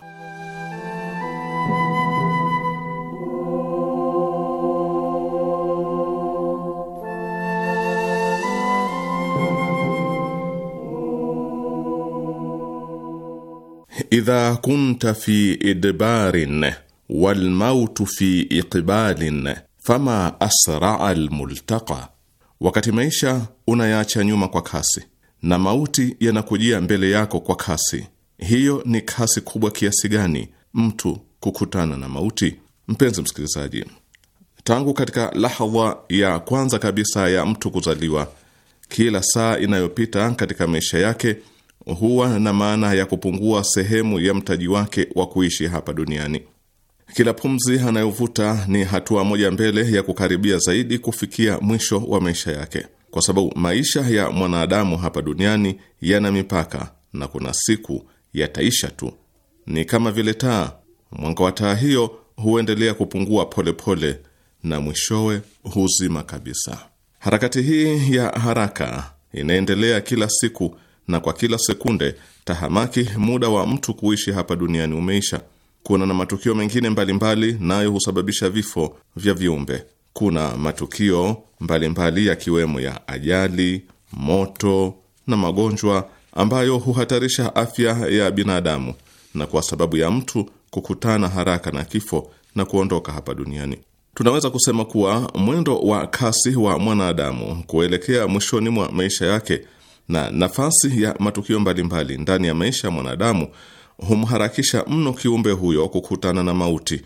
Idha kunta fi idbarin walmautu fi iqbalin fama asraa almultaqa, wakati maisha unayaacha nyuma kwa kasi na mauti yanakujia mbele yako kwa kasi. Hiyo ni kasi kubwa kiasi gani mtu kukutana na mauti? Mpenzi msikilizaji, tangu katika lahadha ya kwanza kabisa ya mtu kuzaliwa, kila saa inayopita katika maisha yake huwa na maana ya kupungua sehemu ya mtaji wake wa kuishi hapa duniani. Kila pumzi anayovuta ni hatua moja mbele ya kukaribia zaidi kufikia mwisho wa maisha yake kwa sababu maisha ya mwanadamu hapa duniani yana mipaka na kuna siku yataisha tu. Ni kama vile taa, mwanga wa taa hiyo huendelea kupungua polepole pole, na mwishowe huzima kabisa. Harakati hii ya haraka inaendelea kila siku na kwa kila sekunde tahamaki, muda wa mtu kuishi hapa duniani umeisha. Kuna na matukio mengine mbalimbali, nayo husababisha vifo vya viumbe kuna matukio mbalimbali yakiwemo ya ajali, moto na magonjwa ambayo huhatarisha afya ya binadamu na kwa sababu ya mtu kukutana haraka na kifo na kuondoka hapa duniani. Tunaweza kusema kuwa mwendo wa kasi wa mwanadamu kuelekea mwishoni mwa maisha yake na nafasi ya matukio mbalimbali ndani ya maisha ya mwanadamu humharakisha mno kiumbe huyo kukutana na mauti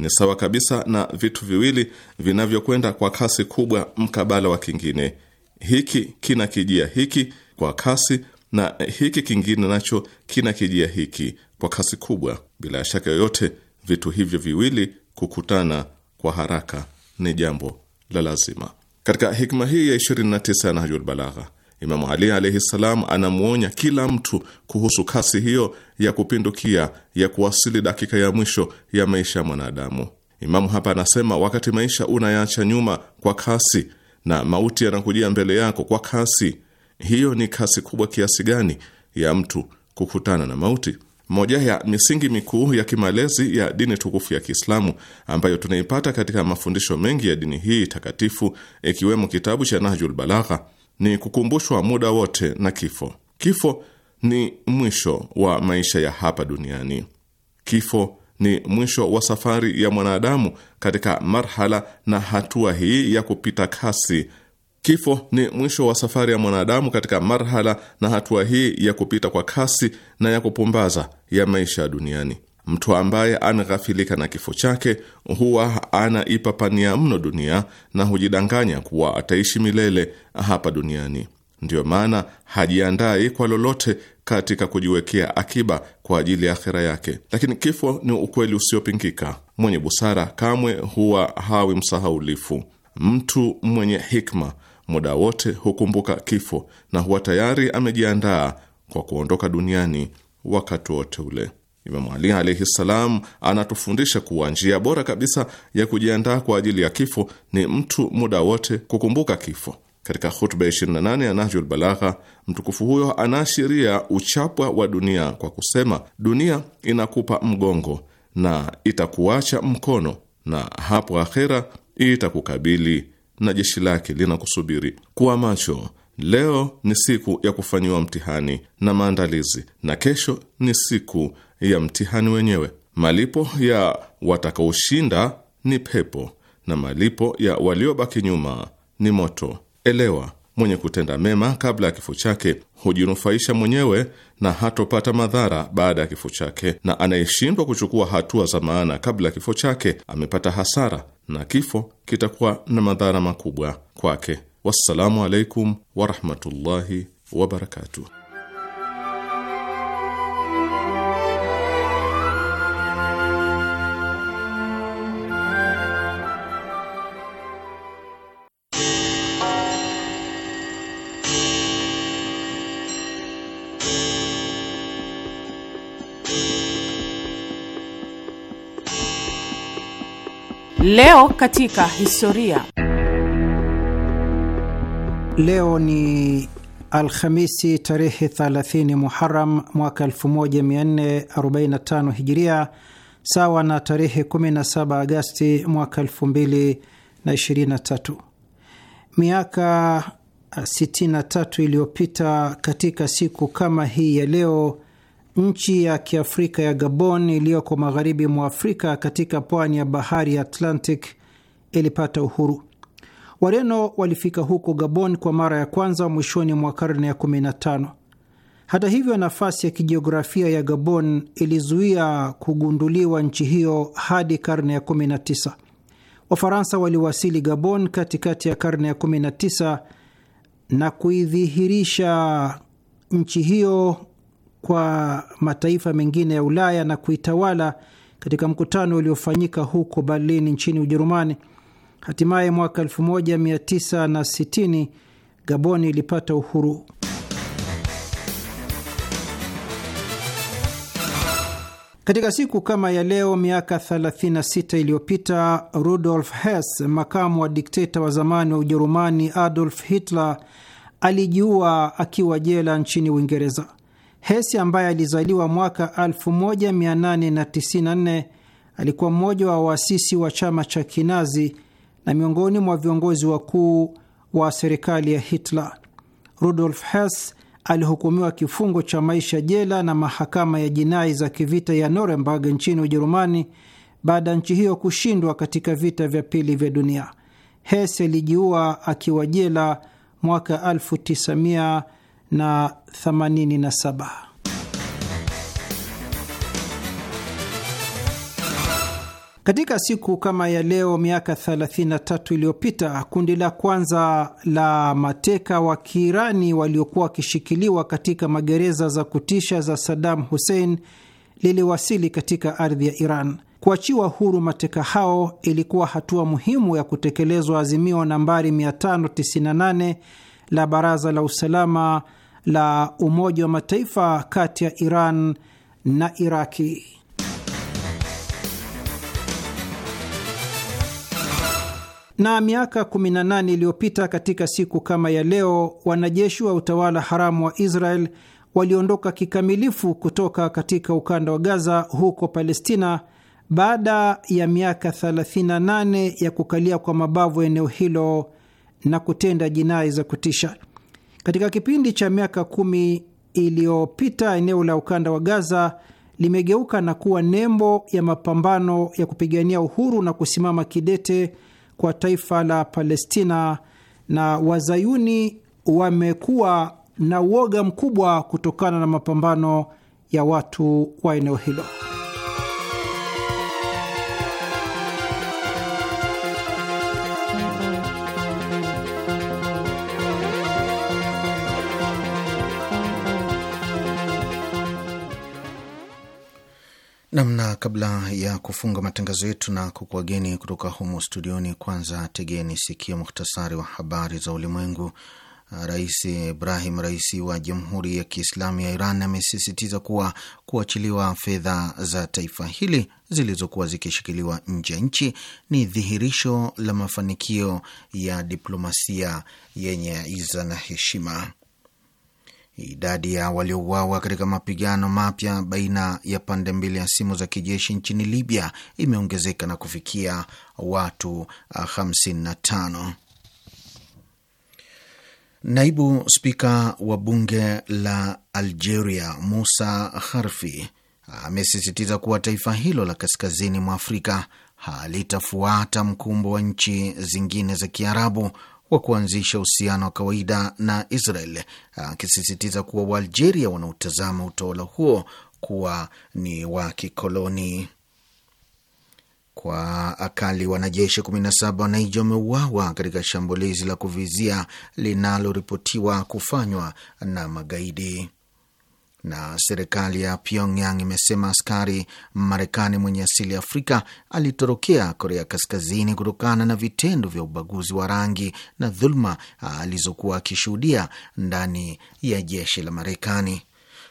ni sawa kabisa na vitu viwili vinavyokwenda kwa kasi kubwa mkabala wa kingine. Hiki kina kijia hiki kwa kasi na hiki kingine nacho kina kijia hiki kwa kasi kubwa. Bila shaka yoyote, vitu hivyo viwili kukutana kwa haraka ni jambo la lazima. Katika hikma hii ya 29 ya Nahjul Balagha Imamu Ali alaihi ssalam anamwonya kila mtu kuhusu kasi hiyo ya kupindukia ya kuwasili dakika ya mwisho ya maisha ya mwanadamu. Imamu hapa anasema, wakati maisha unayaacha nyuma kwa kasi na mauti yanakujia mbele yako kwa kasi, hiyo ni kasi kubwa kiasi gani ya mtu kukutana na mauti? Moja ya misingi mikuu ya kimalezi ya dini tukufu ya Kiislamu ambayo tunaipata katika mafundisho mengi ya dini hii takatifu, ikiwemo kitabu cha Nahjul Balagha ni kukumbushwa muda wote na kifo. Kifo ni mwisho wa maisha ya hapa duniani. Kifo ni mwisho wa safari ya mwanadamu katika marhala na hatua hii ya kupita kasi. Kifo ni mwisho wa safari ya mwanadamu katika marhala na hatua hii ya kupita kwa kasi na ya kupumbaza ya maisha ya duniani. Mtu ambaye anaghafilika na kifo chake huwa ipapania mno dunia na hujidanganya kuwa ataishi milele hapa duniani. Ndiyo maana hajiandai kwa lolote katika kujiwekea akiba kwa ajili ya akhera yake. Lakini kifo ni ukweli usiopingika. Mwenye busara kamwe huwa hawi msahaulifu. Mtu mwenye hikma muda wote hukumbuka kifo na huwa tayari amejiandaa kwa kuondoka duniani wakati wote ule. Imamu Ali alaihi ssalam anatufundisha kuwa njia bora kabisa ya kujiandaa kwa ajili ya kifo ni mtu muda wote kukumbuka kifo. Katika hutuba ya 28 ya Nahjul Balagha, mtukufu huyo anaashiria uchapwa wa dunia kwa kusema, dunia inakupa mgongo na itakuacha mkono, na hapo akhera itakukabili na jeshi lake linakusubiri. Kuwa macho Leo ni siku ya kufanyiwa mtihani na maandalizi, na kesho ni siku ya mtihani wenyewe. Malipo ya watakaoshinda ni pepo na malipo ya waliobaki nyuma ni moto. Elewa, mwenye kutenda mema kabla ya kifo chake hujinufaisha mwenyewe na hatopata madhara baada ya kifo chake, na anayeshindwa kuchukua hatua za maana kabla ya kifo chake amepata hasara, na kifo kitakuwa na madhara makubwa kwake. Wassalamu alaikum warahmatullahi wabarakatuh. Leo katika historia Leo ni Alhamisi tarehe 30 Muharam mwaka 1445 Hijiria, sawa na tarehe 17 Agasti mwaka 2023. Miaka 63 iliyopita katika siku kama hii ya leo, nchi ya kiafrika ya Gabon iliyoko magharibi mwa Afrika katika pwani ya bahari ya Atlantic ilipata uhuru. Wareno walifika huko Gabon kwa mara ya kwanza mwishoni mwa karne ya 15. Hata hivyo, nafasi ya kijiografia ya Gabon ilizuia kugunduliwa nchi hiyo hadi karne ya 19. Wafaransa waliwasili Gabon katikati ya karne ya 19 na kuidhihirisha nchi hiyo kwa mataifa mengine ya Ulaya na kuitawala katika mkutano uliofanyika huko Berlin nchini Ujerumani. Hatimaye mwaka 1960 gaboni ilipata uhuru. Katika siku kama ya leo miaka 36 iliyopita Rudolf Hess, makamu wa dikteta wa zamani wa Ujerumani Adolf Hitler, alijiua akiwa jela nchini Uingereza. Hess ambaye alizaliwa mwaka 1894 alikuwa mmoja wa waasisi wa chama cha Kinazi na miongoni mwa viongozi wakuu wa serikali ya Hitler. Rudolf Hess alihukumiwa kifungo cha maisha jela na mahakama ya jinai za kivita ya Nuremberg nchini Ujerumani baada ya nchi hiyo kushindwa katika vita vya pili vya dunia. Hess alijiua akiwa jela mwaka 1987. Katika siku kama ya leo miaka 33 iliyopita kundi la kwanza la mateka wa Kiirani waliokuwa wakishikiliwa katika magereza za kutisha za Saddam Hussein liliwasili katika ardhi ya Iran. Kuachiwa huru mateka hao ilikuwa hatua muhimu ya kutekelezwa azimio nambari 598 la Baraza la Usalama la Umoja wa Mataifa kati ya Iran na Iraki. Na miaka 18 iliyopita katika siku kama ya leo, wanajeshi wa utawala haramu wa Israel waliondoka kikamilifu kutoka katika ukanda wa Gaza huko Palestina baada ya miaka 38 ya kukalia kwa mabavu eneo hilo na kutenda jinai za kutisha. Katika kipindi cha miaka kumi iliyopita, eneo la ukanda wa Gaza limegeuka na kuwa nembo ya mapambano ya kupigania uhuru na kusimama kidete kwa taifa la Palestina na wazayuni wamekuwa na uoga mkubwa kutokana na mapambano ya watu wa eneo hilo. namna. Kabla ya kufunga matangazo yetu na kukuwageni kutoka humo studioni, kwanza tegeni sikio muhtasari wa habari za ulimwengu. Rais Ibrahim Raisi wa Jamhuri ya Kiislamu ya Iran amesisitiza kuwa kuachiliwa fedha za taifa hili zilizokuwa zikishikiliwa nje ya nchi ni dhihirisho la mafanikio ya diplomasia yenye iza na heshima. Idadi ya waliouawa katika mapigano mapya baina ya pande mbili ya simu za kijeshi nchini Libya imeongezeka na kufikia watu 55. Ah, Naibu spika wa bunge la Algeria Musa harfi amesisitiza kuwa taifa hilo la kaskazini mwa Afrika halitafuata mkumbo wa nchi zingine za Kiarabu wa kuanzisha uhusiano wa kawaida na Israel, akisisitiza kuwa Waalgeria wanaotazama utawala huo kuwa ni wa kikoloni. Kwa akali wanajeshi 17 wa Naija wameuawa katika shambulizi la kuvizia linaloripotiwa kufanywa na magaidi na serikali ya Pyongyang imesema askari Marekani mwenye asili ya Afrika alitorokea Korea Kaskazini kutokana na vitendo vya ubaguzi wa rangi na dhuluma alizokuwa akishuhudia ndani ya jeshi la Marekani.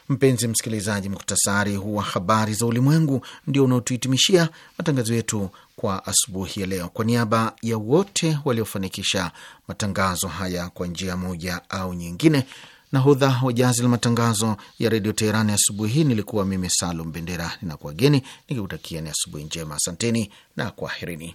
Mpenzi msikilizaji, muktasari huu wa habari za ulimwengu ndio unaotuhitimishia matangazo yetu kwa asubuhi ya leo. Kwa niaba ya wote waliofanikisha matangazo haya kwa njia moja au nyingine nahodha wa jazi la matangazo ya redio Teherani asubuhi hii nilikuwa mimi Salum Bendera, ninakuwageni ni asubuhi njema. Asanteni na kwaherini